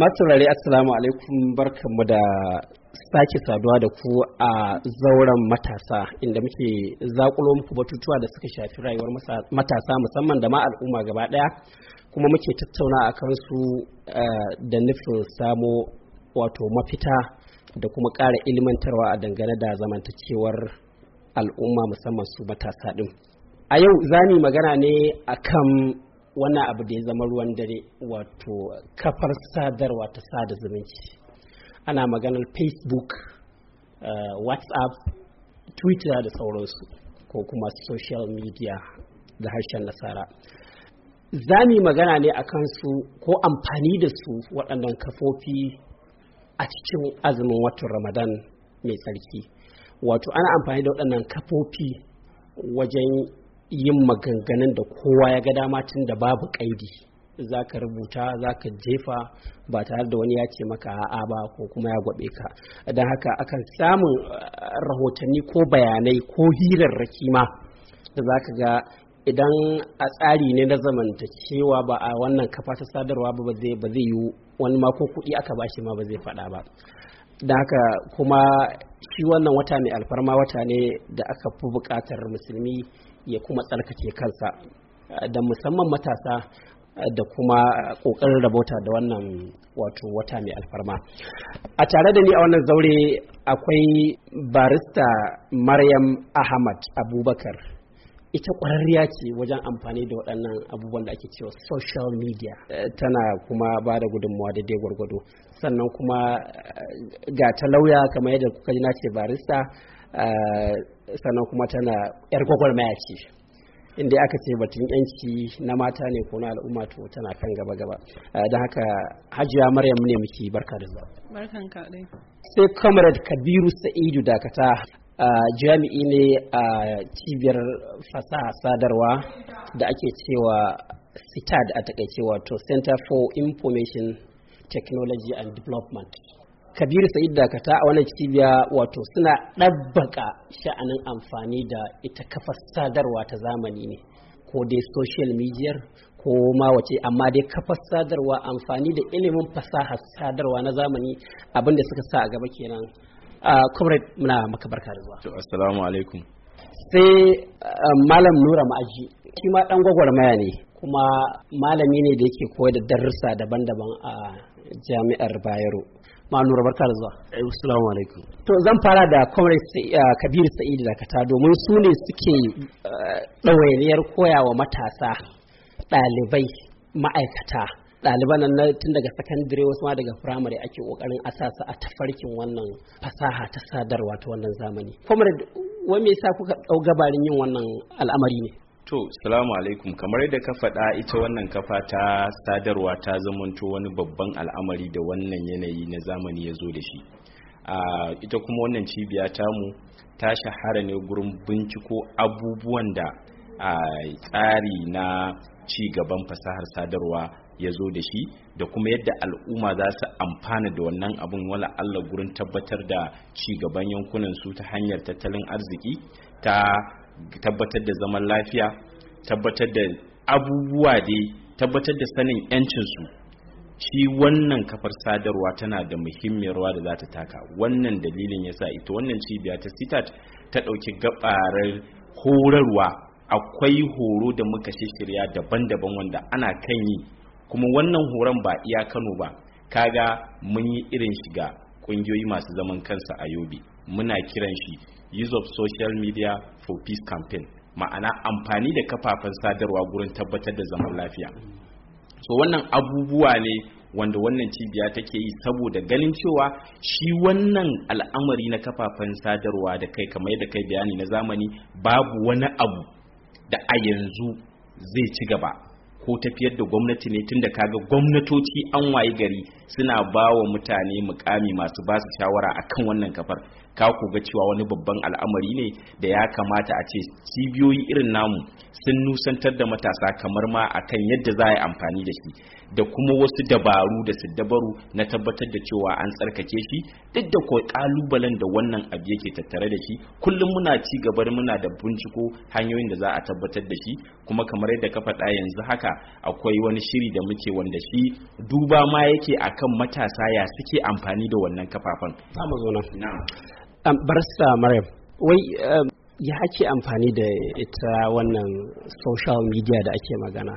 maturare assalamu alaikum barkanmu da sake saduwa da ku a zauren matasa inda muke zakulo muku batutuwa da suka shafi rayuwar matasa musamman da ma al'umma gaba daya kuma muke tattauna a kansu eh, da nufin samo wato mafita da kuma ƙara ilmantarwa a dangane da zamantacewar al'umma musamman su matasa ɗin. a yau za ni magana ne akan wannan abu da ya zama ruwan dare wato kafar sadarwa ta sada zumunci ana maganar facebook uh, whatsapp twitter da sauransu ko kuma social media da harshen nasara za mu magana ne a kansu ko amfani da su waɗannan kafofi a cikin azumin watan ramadan mai tsarki wato ana amfani da waɗannan kafofi wajen yin maganganun da kowa ya ga dama tun da babu kaidi za ka rubuta za ka jefa ba tare da wani ya ce maka a'a ba ko kuma ya gwabe ka don haka akan samun eh, rahotanni ko bayanai ko hirarraki ma da za ka ga idan a tsari ne na zamantakewa ba a wannan kafa ta sadarwa ba ba zai yi wani mako kuɗi aka bashi ma ba zai faɗa ba da haka kuma shi wannan wata mai alfarma wata ne da aka fi buƙatar musulmi ya kuma tsarkake kansa eh, da musamman matasa eh, da kuma eh, ƙoƙarin rabota da wannan wato wata mai alfarma a tare da ni a wannan zaure akwai barista maryam ahmad abubakar ita ƙwararriya ce wajen amfani da waɗannan abubuwan da ake cewa social media tana kuma ba da gudunmawa dai gwargwado sannan kuma ga ta lauya kamar yadda kuka ji na ce barista sannan kuma tana yar gwagwarmaya ce inda aka ce batun yanci na mata ne ko na al'umma to tana kan gaba gaba eh, don haka hajiya maryam ne muke barka da zuwa barkan ka sai comrade kabiru sa'idu dakata eh, jami'i ne a cibiyar fasaha sadarwa da ake cewa SITAD a takaice wato center for information technology and development kabiru sa'id dakata a wannan cibiya wato suna ɗabbaka sha'anin amfani da ita kafar sadarwa ta zamani ne ko dai social media ko ma wace amma dai kafar sadarwa amfani da ilimin fasaha sadarwa na zamani abinda suka sa a gaba kenan a ah, comrade muna maka barka da zuwa assalamu alaikum sai ah, malam nura ma'aji shi ma dan gwagwarmaya ne kuma malami ne da yake koyar da darussa daban-daban a jami'ar bayero ma'anura barka da zuwa eh, assalamu alaikum to zan fara da comrade eh, kabir sa'id da kata domin su ne suke eh, ɗawainiyar koya wa matasa ɗalibai ma'aikata ɗaliban nan tun daga sakandare wasu ma daga firamare ake ƙoƙarin a sa su a tafarkin wannan fasaha ta sadarwa ta wannan zamani comrade wai me yasa kuka ɗau gabarin yin wannan al'amari ne to salamu alaikum kamar yadda ka faɗa ita wannan kafa ta sadarwa ta zamanto wani babban al'amari da wannan yanayi na zamani ya zo da shi ita kuma wannan cibiya mu ta shahara ne gurin binciko abubuwan da tsari na ci gaban fasahar sadarwa ya zo da shi da kuma yadda al'umma za su amfana da wannan abin wala Allah gurin tabbatar da ci gaban yankunan su ta hanyar tattalin arziki ta tabbatar da zaman lafiya tabbatar da abubuwa dai tabbatar da sanin 'yancinsu shi wannan kafar sadarwa tana da muhimmiyar rawa da za ta taka wannan dalilin yasa ita wannan cibiya ta sitat ta ɗauki gabarar horarwa akwai horo da muka shirya daban-daban wanda ana kan yi kuma wannan horon ba iya kano ba kaga mun yi irin shiga ƙungiyoyi masu zaman kansa a yobe muna kiran shi use of social media for peace campaign ma'ana amfani da kafafen sadarwa gurin tabbatar da zaman lafiya so wannan abubuwa ne wanda wannan cibiya take yi saboda ganin cewa shi wannan al'amari na kafafen sadarwa da kai kamar yadda kai bayani na zamani babu wani abu da a yanzu zai ci gaba ko tafiyar da gwamnati ne tunda kaga gwamnatoci an wayi gari suna ba wa mutane mukami masu ba su shawara akan wannan kafar ka ku ga cewa wani babban al'amari ne da ya kamata a ce cibiyoyi irin namu sun nusantar da matasa kamar ma akan yadda za a yi amfani da shi da kuma wasu dabaru da siddabaru na tabbatar da cewa an tsarkake shi duk da ko kalubalen da wannan abu yake tattare da shi kullum muna ci gaba muna da binciko hanyoyin da za a tabbatar da shi kuma kamar yadda ka faɗa yanzu haka akwai wani shiri da muke wanda shi duba ma yake akan matasa ya suke amfani da wannan kafafen za zo barista maryam wai um, ya ake amfani da ita wannan social media da ake magana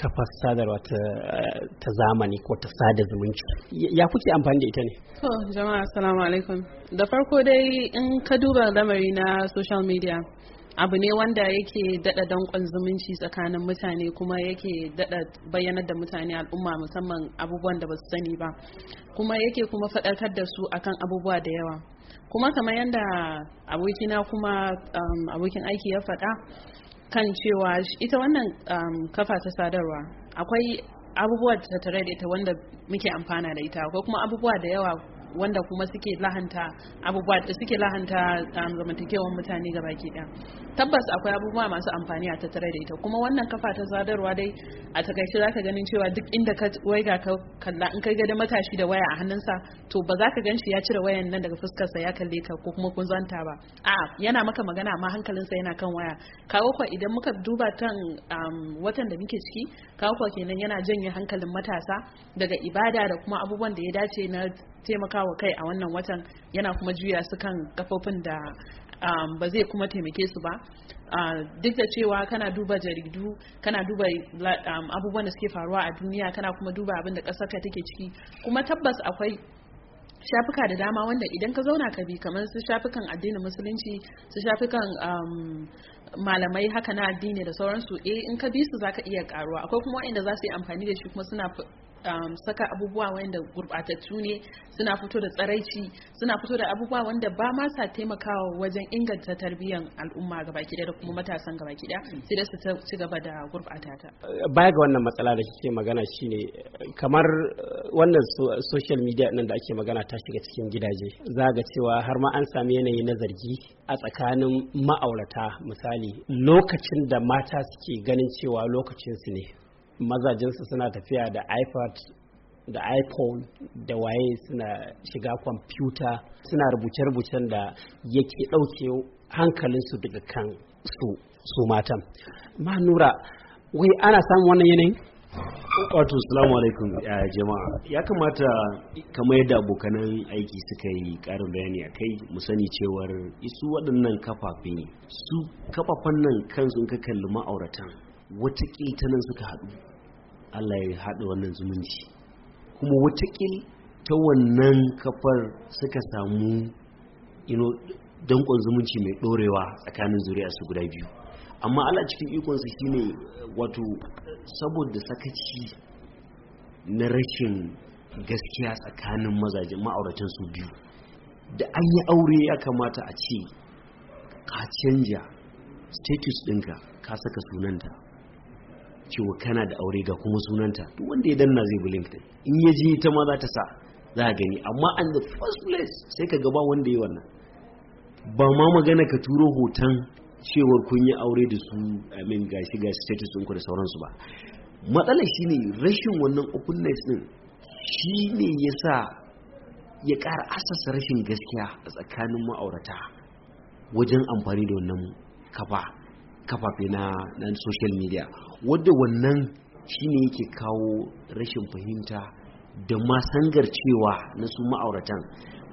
kafar sadarwa ta, zamani ko ta sada zumunci ya kuke amfani da ita ne to jama'a assalamu alaikum da farko dai in ka duba lamari na social media abu ne wanda yake dada danƙon zumunci tsakanin mutane kuma yake dada bayyanar da mutane al'umma musamman abubuwan da ba su sani ba kuma yake kuma faɗakar da su akan abubuwa da yawa kuma kamar yadda abokina kuma um, abokin aiki ya faɗa kan cewa ita wannan um, kafa ta sadarwa akwai abubuwa tare da ita wanda muke amfana da ita akwai kuma abubuwa da yawa wanda kuma suke lahanta abubuwa da suke lahanta um, zamantakewar mutane ga baki ɗaya tabbas akwai abubuwa masu amfani a tattare da ita kuma wannan kafa ta sadarwa dai a takaice ka ganin cewa duk inda ka waiga ka kalla in kai gada matashi da waya a hannunsa to ba za ka gan shi ya cire wayan nan daga fuskarsa ya kalle ka ko kuma kun zanta ba a yana maka magana amma hankalinsa yana kan waya kawo kwa idan muka duba kan um, watan da muke ciki kawo kwa kenan yana janye hankalin matasa daga ibada da kuma abubuwan da ya dace na taimakawa kai a wannan watan yana kuma juya su kan kafofin da um, ba zai kuma taimake su ba uh, duk da cewa kana duba jaridu kana duba um, abubuwan da suke faruwa a duniya kana kuma duba abin da ƙasar ka take ciki kuma tabbas akwai shafuka da dama wanda idan ka zauna ka bi kamar su shafukan addinin musulunci su shafukan um, malamai haka na addini da sauransu eh in ka bi su zaka iya karuwa akwai kuma wanda za su yi amfani da shi kuma suna Um, saka abubuwa wanda gurbatattu ne suna fito da tsaraici suna fito da abubuwa wanda ba ma sa taimakawa wajen inganta tarbiyyar al'umma gaba da kuma matasan gaba kida sai da su ci gaba da gurbatata. baya ga wannan matsala da kike magana shine kamar uh, wannan social media nan da ake magana ta shiga cikin gidaje za ga cewa har ma an sami yanayi na zargi a tsakanin ma'aurata misali lokacin da mata suke ganin cewa lokacin su ne mazajensu suna tafiya da ipad da iphone da waye suna shiga kwamfuta suna rubuce-rubucen da yake ɗauke hankalinsu daga kan su su matan ma nura wai ana samun wannan yanayin wato salamu alaikum jama'a ya kamata kamar yadda abokanan aiki suka yi karin bayani a kai mu sani cewar isu waɗannan kafafe su kafafan nan kansu in ka kalli ma'auratan wata ta nan suka haɗu Allah ya haɗu wannan zumunci kuma wata ta wannan kafar suka samu ino dankon zumunci mai ɗorewa tsakanin zuri'a su guda biyu amma Allah cikin ikonsa shine wato saboda sakaci na rashin gaskiya tsakanin mazajen ma'auratan su biyu da an yi aure ya kamata a ce ka canja status ɗinka ka saka sunanta cewa kana da aure ga kuma sunanta duk wanda ya danna zai bi linkedin in ya ji ta ma za ta sa za ka gani amma an the first place sai ka gaba wanda ya wannan ba ma magana ka turo hoton cewar kun yi aure da su amin gashi ga status ɗinku da sauransu ba matsalar shine rashin wannan openness din shine yasa ya ƙara asasa rashin gaskiya a tsakanin ma'aurata wajen amfani da wannan kafa kafafe na dan social media wadda wannan shine yake kawo rashin fahimta da ma sangar cewa na su ma'auratan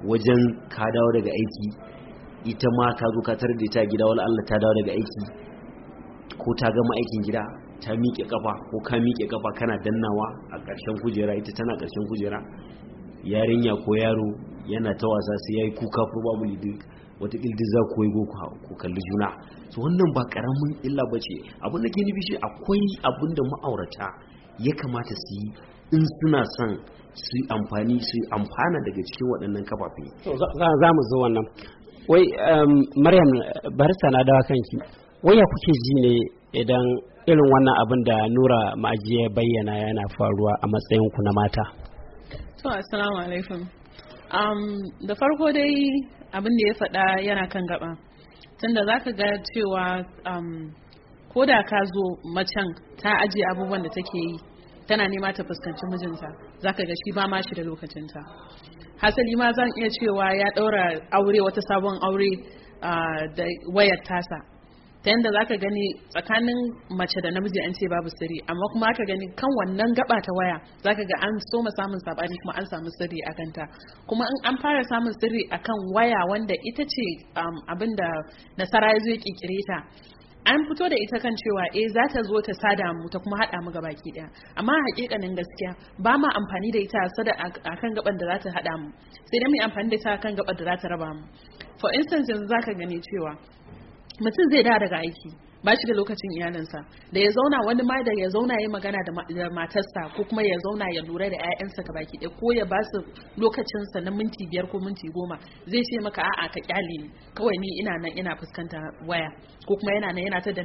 wajen ka dawo daga aiki ita ma ka zo ka tarar da ita gida wala Allah ta dawo daga aiki ko ta gama aikin gida ta miƙe kafa ko ka miƙe kafa kana dannawa a ƙarshen kujera ita tana ƙarshen kujera yarinya ko yaro yana ta wasa sai yayi kuka ko babu lidi watakil duk za ku yi ku kalli juna so wannan ba karamin illa ba ce abinda da ke nufi shi akwai abin da ma'aurata ya kamata su yi in suna son su yi amfani su yi amfana daga cikin waɗannan kafafe za mu zo wannan wai um, maryam barista na dawa kanki wai ya kuke ji ne idan irin wannan abin da nura ma'aji ya bayyana yana faruwa a matsayin ku na mata to assalamu um, da farko dai abin da ya faɗa yana kan gaba tunda za ka ga cewa um, ko da ka zo macen ta ajiye abubuwan da take yi tana nema ta fuskanci mijinta za ka ga shi ba ma shi da lokacinta hasali ma zan iya cewa ya ɗaura aure wata sabon aure uh, da wayar tasa ta yadda za ka gani tsakanin mace da namiji an ce babu sirri amma kuma aka gani kan wannan gaba ta waya za ka ga an soma samun sabani kuma an samu sirri a kanta kuma in an fara samun sirri kan waya wanda ita ce um, abin da nasara ya zo ya kirkire ta an fito da ita kan cewa eh za ta zo ta sada mu ta kuma hada mu baki daya amma hakikanin gaskiya ba ma amfani da ita sada akan gaban da za ta hada mu sai dai mu amfani da ita akan gaban da za ta raba mu for instance yanzu ka gani cewa mutum zai da daga aiki ba shi da lokacin iyalinsa da ya zauna wani ma da ya zauna ya magana da matarsa ko kuma ya zauna ya lura da 'ya'yansa ka baki ɗaya ko ya ba su lokacinsa na minti biyar ko minti goma zai ce maka a'a ka kyale ni kawai ni ina nan ina fuskanta waya ko kuma yana nan yana ta da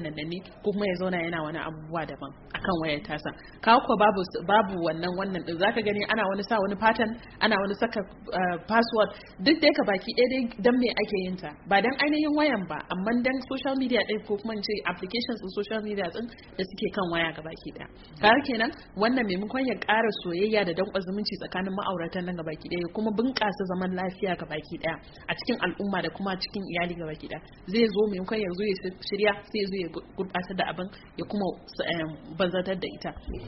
ko kuma ya zauna yana wani abubuwa daban akan wayar tasa ka ko babu babu wannan wannan din zaka gani ana wani sa wani pattern ana wani saka eh, password duk dai ka baki ɗaya dai dan me ake yin ta ba dan ainihin wayan ba amma dan social media ɗin ko kuma in ce applications in social media din da suke kan waya gabaki daya kaga kenan wannan maimakon ya ƙara soyayya da danƙon zumunci tsakanin ma'auratan nan gabaki daya kuma bunƙasa zaman lafiya gabaki daya a cikin al'umma da kuma cikin iyali baki daya zai zo maimakon yanzu ya shirya sai zo ya gurbatar da abin ya kuma eh, banzatar da ita